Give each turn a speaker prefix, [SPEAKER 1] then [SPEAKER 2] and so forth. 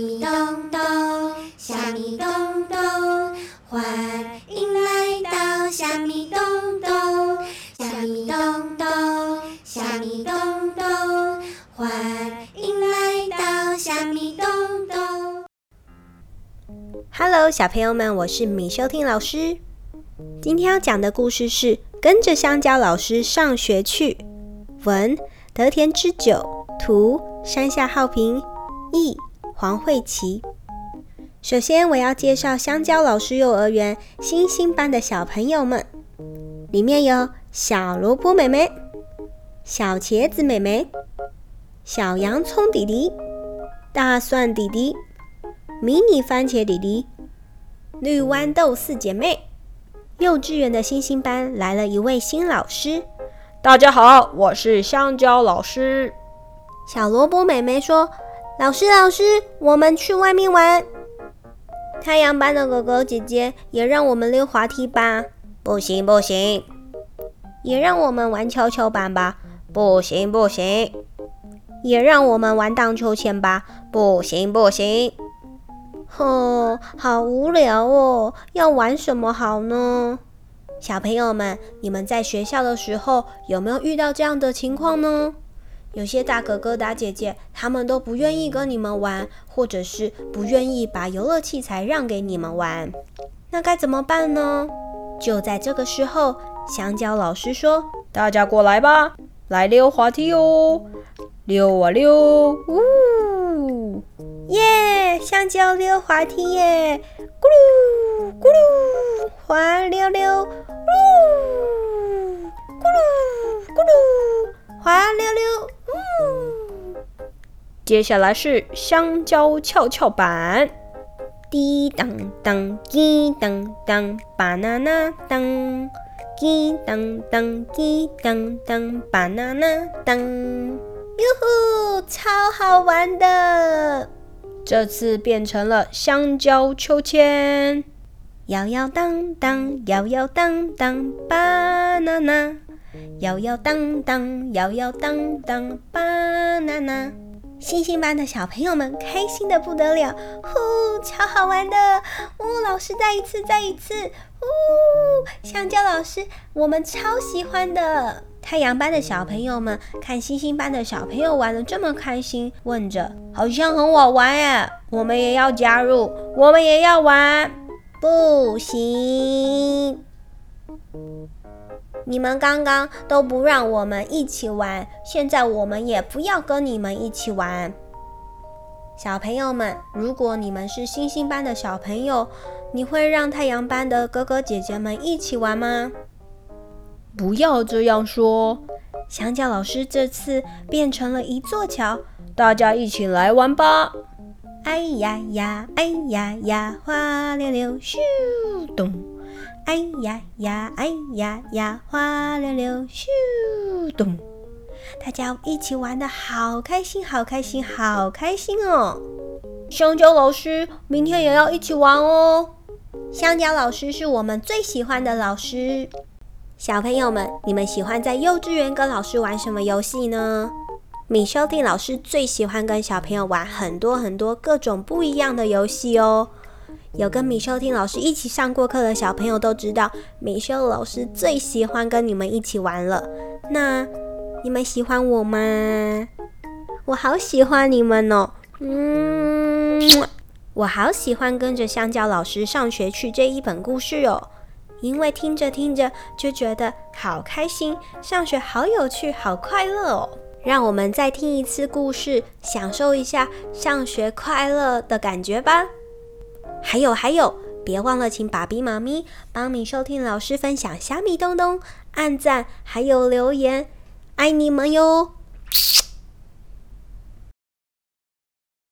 [SPEAKER 1] 米東東蝦米東東歡迎來到蝦米東東蝦米東東蝦米東東，蝦米東東，蝦米東東歡迎來到蝦米東東 Hello，小朋友們，我是米修婷老師。今天要講的故事是《跟着香蕉老師上學去》，文得田之久，圖山下浩平譯。黃慧琪，首先我要介紹香蕉老師幼兒園星星班的小朋友們，裡面有小蘿蔔妹妹、小茄子妹妹、小洋蔥弟弟、大蒜弟弟、迷你番茄弟弟、綠豌豆四姐妹。幼稚園的星星班來了一位新老師。大家好，我是香蕉老師。小蘿蔔妹妹說。老師，老師，我們去外面玩。太陽班的哥哥姐姐也讓我們溜滑梯吧？不行不行。也讓我們玩蹺蹺板吧？不行不行。也讓我們玩盪秋千吧？不行不行。哼，好無聊哦，要玩什麼好呢？小朋友們，你們在學校的時候有沒有遇到這樣的情況呢？有些大哥哥大姐姐，他們都不願意跟你們玩，或者是不願意把遊樂器材讓給你們玩，那該怎麼辦呢？就在這個時候，香蕉老師說：“大家過來吧，來溜滑梯哦，溜啊溜，嗚、哦，耶、yeah，香蕉溜滑梯耶，咕嚕咕嚕，滑溜溜，嗚，咕嚕咕嚕，咕嚕，滑溜溜。”接下來是香蕉蹺蹺板，滴當當滴當當巴拿拿當滴當當滴當當巴拿拿當，喲吼，超好玩的！這次變成了香蕉秋千，搖搖當當搖搖當當巴拿拿，搖搖當當搖搖當當巴拿拿。搖搖噹噹搖搖噹噹。星星班的小朋友們開心得不得了，呼，超好玩的！嗚、哦，老師，再一次，再一次！嗚，香蕉老師，我們超喜歡的。太陽班的小朋友們看星星班的小朋友玩得這麼開心，問着好像很好玩耶，我們也要加入，我們也要玩。不行。你們剛剛都不讓我們一起玩，現在我們也不要跟你們一起玩。小朋友們，如果你們是星星班的小朋友，你會讓太陽班的哥哥姐姐們一起玩嗎？不要這樣說。香蕉老師這次變成了一座橋，大家一起來玩吧！哎呀呀，哎呀呀，滑溜溜，咻咚。哎、啊、呀呀，哎、啊、呀呀，滑溜溜，咻咚！大家一起玩的好開心，好開心，好開心哦！香蕉老師明天也要一起玩哦。香蕉老師是我們最喜歡的老師。小朋友們，你們喜歡在幼稚園跟老師玩什麼遊戲呢？米修圈老師最喜歡跟小朋友玩很多很多各種不一樣的遊戲哦。有跟米修汀老師一起上過課的小朋友都知道，米修老師最喜歡跟你們一起玩了。那你們喜歡我嗎？我好喜歡你們哦。嗯，我好喜歡跟着香蕉老師上學去這一本故事哦，因為聽着聽着就覺得好開心，上學好有趣，好快樂哦。讓我們再聽一次故事，享受一下上學快樂的感覺吧。還有還有，別忘了請爸比媽咪幫你收聽老師分享蝦米東東、按讚還有留言，愛你們喲！